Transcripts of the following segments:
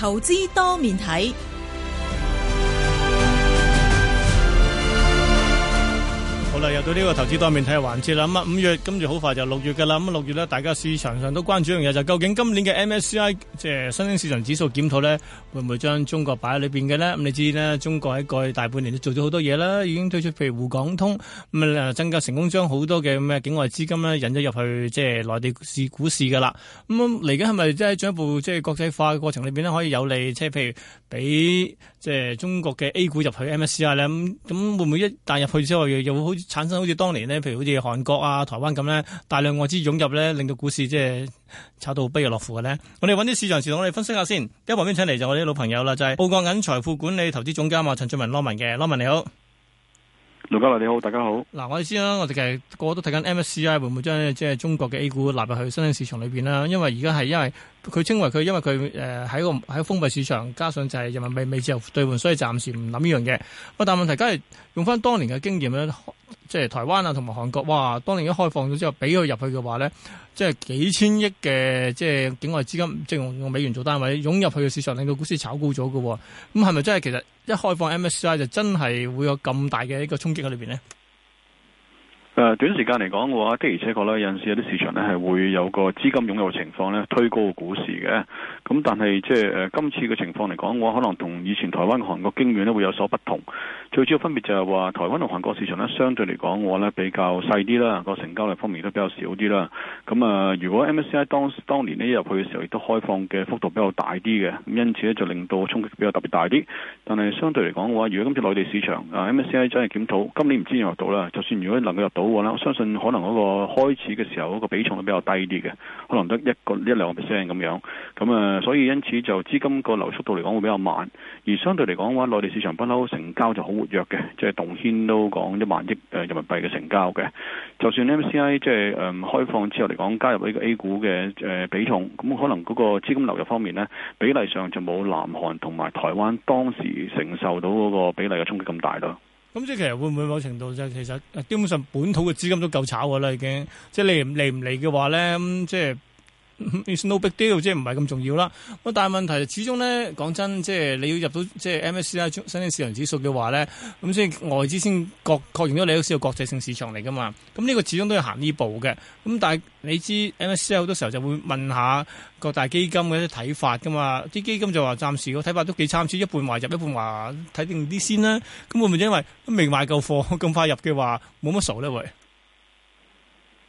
投資多面體。嚟又到呢個投資方面睇下環節啦。咁啊，五月跟住好快就六月噶啦。咁六月咧，大家市場上都關注一樣嘢，就究竟今年嘅 MSCI 即係新興市場指數檢討呢，會唔會將中國擺喺裏邊嘅呢？咁你知呢，中國喺過去大半年都做咗好多嘢啦，已經推出譬如滬港通，咁、嗯、啊增加成功將好多嘅咩境外資金呢引咗入去即係內地市股市噶啦。咁嚟緊係咪即係進一步即係國際化嘅過程裏邊呢，可以有利即係譬如俾即係中國嘅 A 股入去 MSCI 呢，咁、嗯、咁會唔會一旦入去之後，又又好？產生好似當年呢，譬如好似韓國啊、台灣咁呢，大量外資湧入呢，令到股市即係炒到不亦樂乎嘅呢。我哋揾啲市場時同我哋分析一下先。一旁旁邊請嚟就我哋啲老朋友啦，就係、是、澳國銀財富管理投資總監啊，陳俊文 Lomyn 嘅 Lomyn 你好，盧嘉樂你好，大家好。嗱，我哋先啦，我哋其實個個都睇緊 MSCI 會唔會將即係中國嘅 A 股納入去新興市場裏邊啦？因為而家係因為。佢稱為佢，因為佢誒喺個喺封閉市場，加上就係人民幣未自由兌換，所以暫時唔諗呢樣嘢。不過，但問題梗係用翻當年嘅經驗咧，即係台灣啊，同埋韓國哇，當年一開放咗之後，俾佢入去嘅話咧，即係幾千億嘅即係境外資金，即係用用美元做單位湧入去嘅市場，令到股市炒高咗嘅。咁係咪真係其實一開放 MSCI 就真係會有咁大嘅一個衝擊喺裏邊咧？誒短時間嚟講嘅話，的而且確咧，有陣時有啲市場呢係會有個資金擁有嘅情況呢推高個股市嘅。咁但係即係今次嘅情況嚟講嘅話，我可能同以前台灣、韓國經驗呢會有所不同。最主要分別就係話，台灣同韓國市場呢，相對嚟講嘅話呢，比較細啲啦，個成交量方面都比較少啲啦。咁啊，如果 MSCI 當當年呢，入去嘅時候，亦都開放嘅幅度比較大啲嘅，因此呢就令到衝擊比較特別大啲。但係相對嚟講嘅話，如果今次內地市場、啊、MSCI 真係檢討，今年唔知入唔入到啦。就算如果能夠入到，我相信可能嗰個開始嘅時候嗰個比重都比較低啲嘅，可能得一個一兩個 percent 咁樣，咁啊，所以因此就資金個流速度嚟講會比較慢，而相對嚟講話內地市場不嬲成交就好活躍嘅，即係動輒都講一萬億誒人民幣嘅成交嘅，就算 MSCI 即係誒開放之後嚟講加入呢個 A 股嘅誒、呃、比重，咁可能嗰個資金流入方面呢，比例上就冇南韓同埋台灣當時承受到嗰個比例嘅衝擊咁大咯。咁即係其實會唔會某程度就係其實，基本上本土嘅資金都夠炒㗎啦，已經。即係你嚟唔嚟嘅話咧，咁、嗯、即係。It's no big deal，即係唔係咁重要啦。咁但係問題始終咧，講真，即係你要入到即係 MSCI 新興市場指數嘅話咧，咁即係外資先確確認咗你嗰個市係國際性市場嚟㗎嘛。咁、這、呢個始終都係行呢步嘅。咁但係你知 MSCI 好多時候就會問下各大基金嘅啲睇法㗎嘛。啲基金就話暫時個睇法都幾參差，一半話入，一半話睇定啲先啦。咁會唔會因為未買夠貨咁快入嘅話，冇乜數咧？會？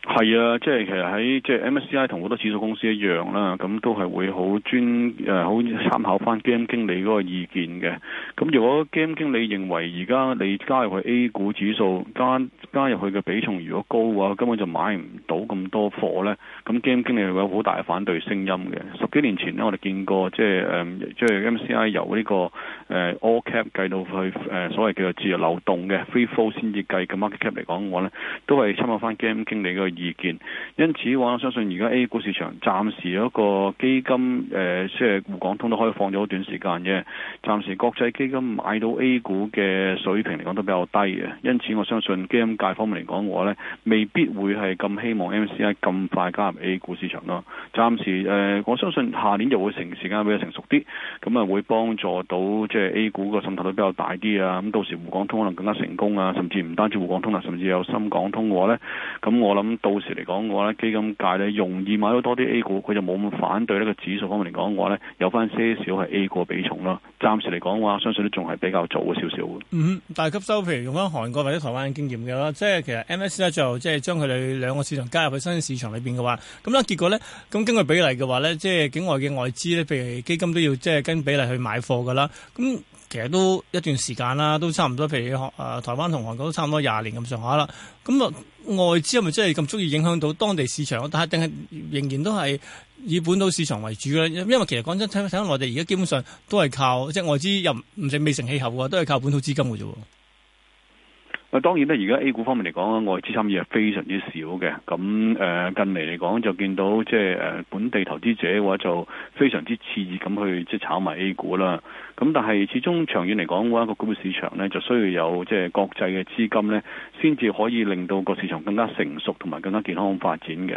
係啊，即係其實喺即係 MSCI 同好多指數公司一樣啦，咁都係會好專誒好參考翻 Game 經理嗰個意見嘅。咁如果 Game 經理認為而家你加入去 A 股指數加加入去嘅比重如果高嘅話根本就買唔到咁多貨咧，咁 Game 經理會有好大嘅反對聲音嘅。十幾年前咧，我哋見過，即係誒、嗯、即係 MSCI 由呢、這個誒、呃、All Cap 計到去誒、呃、所謂叫做自由流動嘅 Free Float 先至計嘅 Market Cap 嚟講嘅話咧，都係參考翻 Game 經理個。意見，因此我相信而家 A 股市場暫時嗰個基金誒，即係滬港通都可以放咗一段時間嘅。暫時國際基金買到 A 股嘅水平嚟講都比較低嘅，因此我相信基金界方面嚟講嘅話呢未必會係咁希望 MSCI 咁快加入 A 股市場咯。暫時、呃、我相信下年就會成時間比較成熟啲，咁啊會幫助到即係 A 股個滲透都比較大啲啊。咁到時滬港通可能更加成功啊，甚至唔單止滬港通啦，甚至有深港通嘅話咧，咁我諗。到時嚟講嘅話咧，基金界咧，容易買到多啲 A 股，佢就冇咁反對呢個指數方面嚟講嘅話咧，有翻些少係 A 股比重咯。暫時嚟講嘅話，相信都仲係比較早少少。嗯，大吸收譬如用翻韓國或者台灣嘅經驗嘅啦，即係其實 MSCI 咧就即係將佢哋兩個市場加入去新市場裏面嘅話，咁啦結果咧咁根據比例嘅話咧，即係境外嘅外資咧，譬如基金都要即係跟比例去買貨㗎啦，咁。其實都一段時間啦，都差唔多，譬如誒、呃、台灣同韓國都差唔多廿年咁上下啦。咁、嗯、啊，外資係咪真係咁足以影響到當地市場，但係定係仍然都係以本土市場為主咧？因為其實講真，睇睇內地而家基本上都係靠即係外資，又唔唔未成氣候喎，都係靠本土資金嘅啫。啊，當然啦，而家 A 股方面嚟講咧，外資參與係非常之少嘅。咁誒近嚟嚟講就見到，即係本地投資者嘅話就非常之肆意咁去即係炒埋 A 股啦。咁但係始終長遠嚟講嘅話，個股票市場呢就需要有即係國際嘅資金呢先至可以令到個市場更加成熟同埋更加健康發展嘅。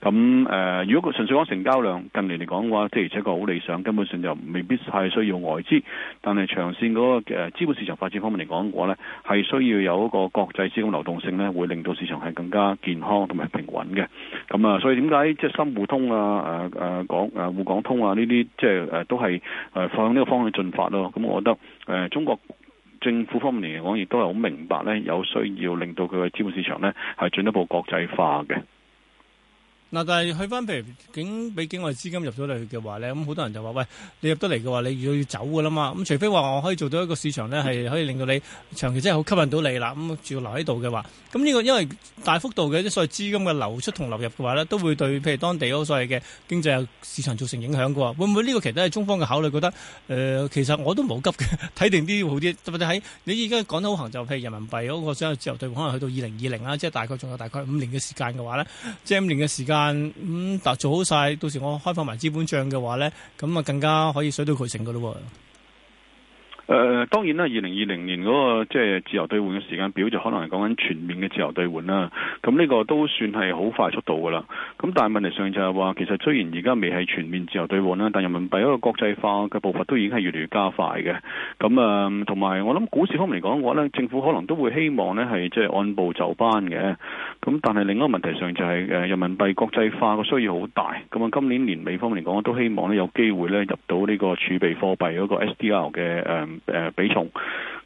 咁誒、呃，如果純粹講成交量近年嚟講嘅話，即係且確好理想，根本上就未必太需要外資。但係長線嗰個資本市場發展方面嚟講嘅話呢，係需要有。嗰個國際資金流動性咧，會令到市場係更加健康同埋平穩嘅。咁啊，所以點解即係深互通啊、誒、啊、誒、啊、港、誒、啊、滬港通啊呢啲，即係誒都係誒、啊、向呢個方向進發咯。咁我覺得誒、啊、中國政府方面嚟講，亦都係好明白咧，有需要令到佢嘅資本市場咧係進一步國際化嘅。嗱，但係去翻譬如經俾境外資金入咗嚟嘅話咧，咁好多人就話：喂，你入得嚟嘅話，你如果要走嘅啦嘛，咁除非話我可以做到一個市場咧，係可以令到你長期真係好吸引到你啦，咁住要留喺度嘅話，咁呢個因為大幅度嘅啲所謂資金嘅流出同流入嘅話咧，都會對譬如當地嗰個所謂嘅經濟市場造成影響嘅喎。會唔會呢個其實都係中方嘅考慮，覺得誒、呃，其實我都冇急嘅，睇定啲好啲。特別係你而家講得好行，就譬如人民幣嗰個雙向自由兌換可能去到二零二零啦，即係大概仲有大概五年嘅時間嘅話呢，即係五年嘅時間。但咁，但、嗯、做好晒到時，我開放埋資本賬嘅話咧，咁啊更加可以水到渠成噶咯喎。誒、呃、當然啦，二零二零年嗰、那個即係、就是、自由兌換嘅時間表就可能係講緊全面嘅自由兌換啦。咁呢個都算係好快速度㗎啦。咁但係問題上就係話，其實雖然而家未係全面自由兌換啦，但人民幣嗰個國際化嘅步伐都已經係越嚟越加快嘅。咁啊，同、嗯、埋我諗股市方面嚟講嘅話，政府可能都會希望呢係即係按部就班嘅。咁但係另一個問題上就係、是呃、人民幣國際化嘅需要好大。咁啊，今年年尾方面嚟講，我都希望呢有機會呢入到呢個儲備貨幣嗰、那個 SDR 嘅誒。呃誒、呃、比重，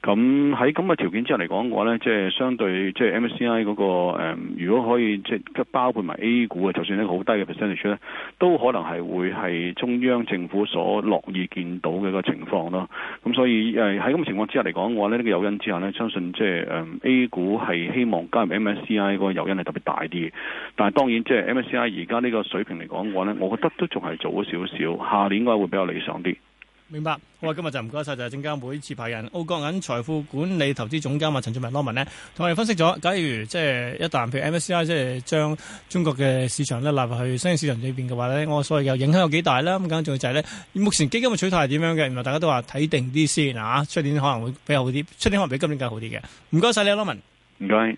咁喺咁嘅條件之下嚟講嘅話呢即係相對即係 MSCI 嗰、嗰個、呃、如果可以即係包括埋 A 股嘅，就算一個好低嘅 percentage 咧，都可能係會係中央政府所樂意見到嘅一個情況咯。咁所以誒喺咁嘅情況之下嚟講嘅話呢、呢個誘因之下呢，相信即係誒 A 股係希望加入 MSCI 嗰個誘因係特別大啲。但係當然即係 MSCI 而家呢個水平嚟講嘅話呢我覺得都仲係早咗少少，下年應該會比較理想啲。明白，好啊！今日就唔該晒，就係證監會持牌人澳國銀財富管理投資總監啊陳俊文 Norman 呢，同我哋分析咗，假如即係一旦譬如 MSCI 即係將中國嘅市場咧納入去新興市場裏面嘅話咧，我所謂又影響有幾大啦。咁更重要就係咧，目前基金嘅取態係點樣嘅？原來大家都話睇定啲先啊，出年可能會比較好啲，出年可能比今年更好啲嘅。唔該晒你，Norman。唔該。